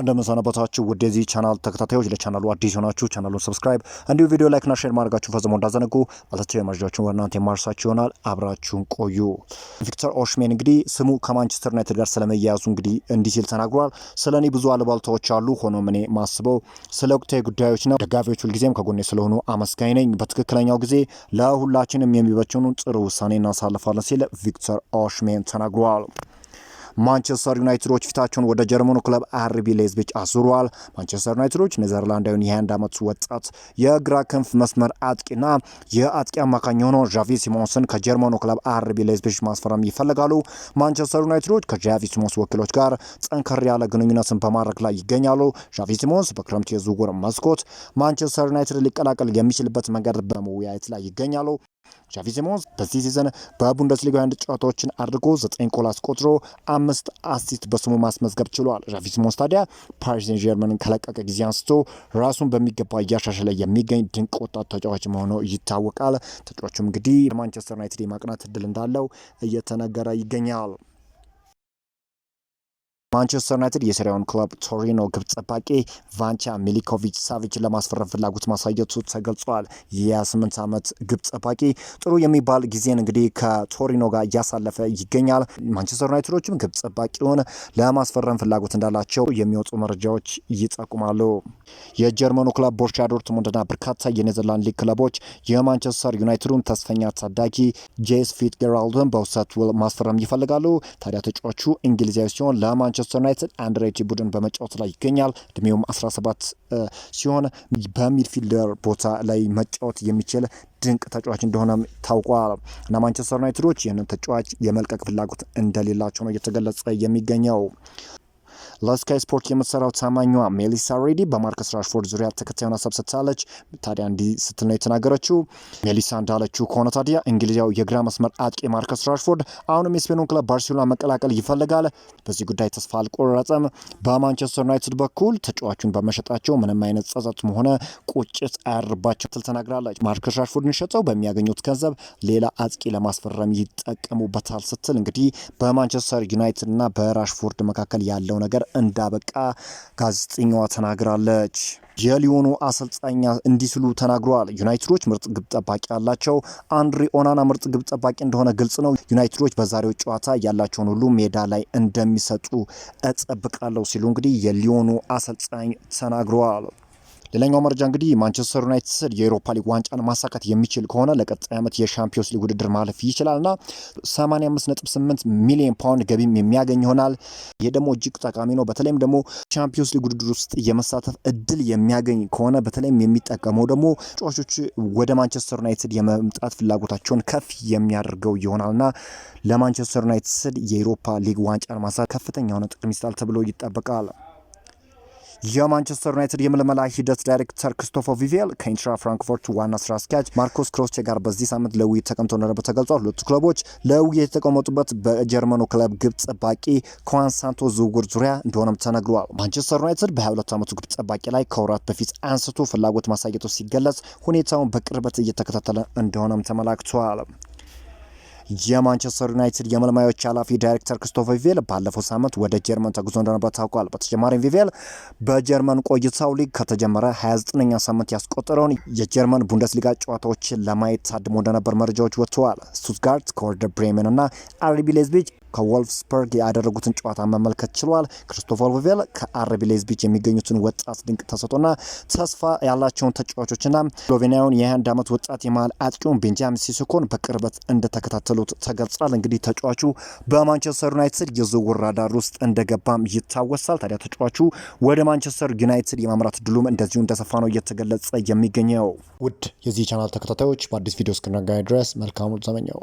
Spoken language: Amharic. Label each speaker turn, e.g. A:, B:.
A: እንደምንሰነበታችሁ ወደ ዚህ ቻናል ተከታታዮች፣ ለቻናሉ አዲስ ሆናችሁ ቻናሉን ሰብስክራይብ እንዲሁ ቪዲዮ ላይክና ሼር ማድረጋችሁ ፈጽሞ እንዳዘነጉ አለቸው የመረጃዎችን ወናንተ የማርሳችሁ ይሆናል። አብራችሁን ቆዩ። ቪክተር ኦሽሜን እንግዲህ ስሙ ከማንቸስተር ዩናይትድ ጋር ስለመያያዙ እንግዲህ እንዲህ ሲል ተናግሯል። ስለ እኔ ብዙ አልባልታዎች አሉ። ሆኖም እኔ ማስበው ስለ ወቅታዊ ጉዳዮች ነው። ደጋፊዎች ሁልጊዜም ከጎኔ ስለሆኑ አመስጋኝ ነኝ። በትክክለኛው ጊዜ ለሁላችንም የሚበችኑ ጥሩ ውሳኔ እናሳልፋለን ሲል ቪክተር ኦሽሜን ተናግሯል። ማንቸስተር ዩናይትዶች ፊታቸውን ወደ ጀርመኑ ክለብ አርቢ ሌዝቢች አዙረዋል። ማንቸስተር ዩናይትዶች ኔዘርላንዳዊን የ21 ዓመት ወጣት የግራ ክንፍ መስመር አጥቂና የአጥቂ አማካኝ የሆነው ዣቪ ሲሞንስን ከጀርመኑ ክለብ አርቢ ሌዝቢች ማስፈረም ይፈልጋሉ። ማንቸስተር ዩናይትዶች ከዣቪ ሲሞንስ ወኪሎች ጋር ጠንከር ያለ ግንኙነትን በማድረግ ላይ ይገኛሉ። ዣቪ ሲሞንስ በክረምት የዝውውር መስኮት ማንቸስተር ዩናይትድ ሊቀላቀል የሚችልበት መንገድ በመወያየት ላይ ይገኛሉ። ዣቪ ሲሞንስ በዚህ ሲዘን በቡንደስሊጋ አንድ ጨዋታዎችን አድርጎ ዘጠኝ ጎል አስቆጥሮ አምስት አሲስት በስሙ ማስመዝገብ ችሏል። ዣቪ ሲሞንስ ታዲያ ፓሪስ ሴን ጀርመንን ከለቀቀ ጊዜ አንስቶ ራሱን በሚገባ እያሻሻለ የሚገኝ ድንቅ ወጣት ተጫዋች መሆኑ ይታወቃል። ተጫዋቹም እንግዲህ ለማንቸስተር ዩናይትድ የማቅናት እድል እንዳለው እየተነገረ ይገኛል። ማንቸስተር ዩናይትድ የሴሪያውን ክለብ ቶሪኖ ግብ ጠባቂ ቫንቻ ሚሊኮቪች ሳቪች ለማስፈረም ፍላጎት ማሳየቱ ተገልጿል። የ28 ዓመት ግብ ጠባቂ ጥሩ የሚባል ጊዜን እንግዲህ ከቶሪኖ ጋር እያሳለፈ ይገኛል። ማንቸስተር ዩናይትዶችም ግብ ጠባቂውን ለማስፈረም ፍላጎት እንዳላቸው የሚወጡ መረጃዎች ይጠቁማሉ። የጀርመኑ ክለብ ቦርሻ ዶርትሙንድና በርካታ የኔዘርላንድ ሊግ ክለቦች የማንቸስተር ዩናይትዱን ተስፈኛ ታዳጊ ጄስ ፊት ፊትጌራልድን በውሰት ውል ማስፈረም ይፈልጋሉ። ታዲያ ተጫዋቹ እንግሊዛዊ ሲሆን ለማንቸስተር ማንቸስተር ዩናይትድ አንድ ቡድን በመጫወት ላይ ይገኛል። እድሜውም 17 ሲሆን በሚድፊልደር ቦታ ላይ መጫወት የሚችል ድንቅ ተጫዋች እንደሆነ ታውቋል እና ማንቸስተር ዩናይትዶች ይህንን ተጫዋች የመልቀቅ ፍላጎት እንደሌላቸው ነው እየተገለጸ የሚገኘው። ለስካይ ስፖርት የምትሰራው ታማኟ ሜሊሳ ሬዲ በማርከስ ራሽፎርድ ዙሪያ ተከታዩን ሀሳብ ሰጥታለች። ታዲያ እንዲህ ስትል ነው የተናገረችው። ሜሊሳ እንዳለችው ከሆነ ታዲያ እንግሊዛዊ የግራ መስመር አጥቂ ማርከስ ራሽፎርድ አሁንም የስፔኑን ክለብ ባርሴሎና መቀላቀል ይፈልጋል። በዚህ ጉዳይ ተስፋ አልቆረጠም። በማንቸስተር ዩናይትድ በኩል ተጫዋቹን በመሸጣቸው ምንም አይነት ጸጸት ሆነ ቁጭት አያርባቸው ትል ተናግራለች። ማርከስ ራሽፎርድን ሸጠው በሚያገኙት ገንዘብ ሌላ አጥቂ ለማስፈረም ይጠቀሙበታል ስትል እንግዲህ በማንቸስተር እና በራሽፎርድ መካከል ያለው ነገር እንዳበቃ ጋዜጠኛዋ ተናግራለች። የሊዮኑ አሰልጣኛ እንዲህ ሲሉ ተናግረዋል። ዩናይትዶች ምርጥ ግብ ጠባቂ ያላቸው አንድሪ ኦናና ምርጥ ግብ ጠባቂ እንደሆነ ግልጽ ነው። ዩናይትዶች በዛሬው ጨዋታ ያላቸውን ሁሉ ሜዳ ላይ እንደሚሰጡ እጠብቃለሁ ሲሉ እንግዲህ የሊዮኑ አሰልጣኝ ተናግረዋል። ሌላኛው መረጃ እንግዲህ ማንቸስተር ዩናይትድ የኤሮፓ ሊግ ዋንጫን ማሳካት የሚችል ከሆነ ለቀጣይ ዓመት የሻምፒዮንስ ሊግ ውድድር ማለፍ ይችላልና 85.8 ሚሊዮን ፓውንድ ገቢም የሚያገኝ ይሆናል። ይህ ደግሞ እጅግ ጠቃሚ ነው። በተለይም ደግሞ ሻምፒዮንስ ሊግ ውድድር ውስጥ የመሳተፍ እድል የሚያገኝ ከሆነ በተለይም የሚጠቀመው ደግሞ ተጫዋቾች ወደ ማንቸስተር ዩናይትድ የመምጣት ፍላጎታቸውን ከፍ የሚያደርገው ይሆናልና ለማንቸስተር ዩናይትድ የኤሮፓ ሊግ ዋንጫን ማሳካት ከፍተኛ የሆነ ጥቅም ይሰጣል ተብሎ ይጠበቃል። የማንቸስተር ዩናይትድ የምልመላ ሂደት ዳይሬክተር ክስቶፎ ቪቬል ከኢንትራ ፍራንክፎርት ዋና ስራ አስኪያጅ ማርኮስ ክሮስቼ ጋር በዚህ ሳምንት ለውይይት ተቀምጠው እንደነበር ተገልጿል። ሁለቱ ክለቦች ለውይይት የተቀመጡበት በጀርመኑ ክለብ ግብ ጠባቂ ከዋን ሳንቶ ዝውውር ዙሪያ እንደሆነም ተነግሯል። ማንቸስተር ዩናይትድ በ22 ዓመቱ ግብ ጠባቂ ላይ ከወራት በፊት አንስቶ ፍላጎት ማሳየቱ ሲገለጽ ሁኔታውን በቅርበት እየተከታተለ እንደሆነም ተመላክቷል። የማንቸስተር ዩናይትድ የመልማዮች ኃላፊ ዳይሬክተር ክርስቶፈር ቪቬል ባለፈው ሳምንት ወደ ጀርመን ተጉዞ እንደነበር ታውቋል። በተጨማሪም ቪቬል በጀርመን ቆይታው ሊግ ከተጀመረ 29ኛ ሳምንት ያስቆጠረውን የጀርመን ቡንደስሊጋ ጨዋታዎችን ለማየት ታድሞ እንደነበር መረጃዎች ወጥተዋል። ስቱትጋርት፣ ኮርደ ብሬመን እና አርቢ ሌዝቢጅ ከወልፍስበርግ ያደረጉትን ጨዋታ መመልከት ችሏል። ክሪስቶፈር ቪቬል ከአርቢ ሌዝቢች የሚገኙትን ወጣት ድንቅ ተሰጥኦና ተስፋ ያላቸውን ተጫዋቾችና ስሎቬኒያውን የ21 ዓመት ወጣት የመሀል አጥቂውን ቤንጃሚን ሲስኮን በቅርበት እንደተከታተሉት ተገልጿል። እንግዲህ ተጫዋቹ በማንቸስተር ዩናይትድ የዝውውር ራዳር ውስጥ እንደገባም ይታወሳል። ታዲያ ተጫዋቹ ወደ ማንቸስተር ዩናይትድ የማምራት ድሉም እንደዚሁ እንደሰፋ ነው እየተገለጸ የሚገኘው። ውድ የዚህ ቻናል ተከታታዮች በአዲስ ቪዲዮ እስክንገናኝ ድረስ መልካሙን ተመኘው።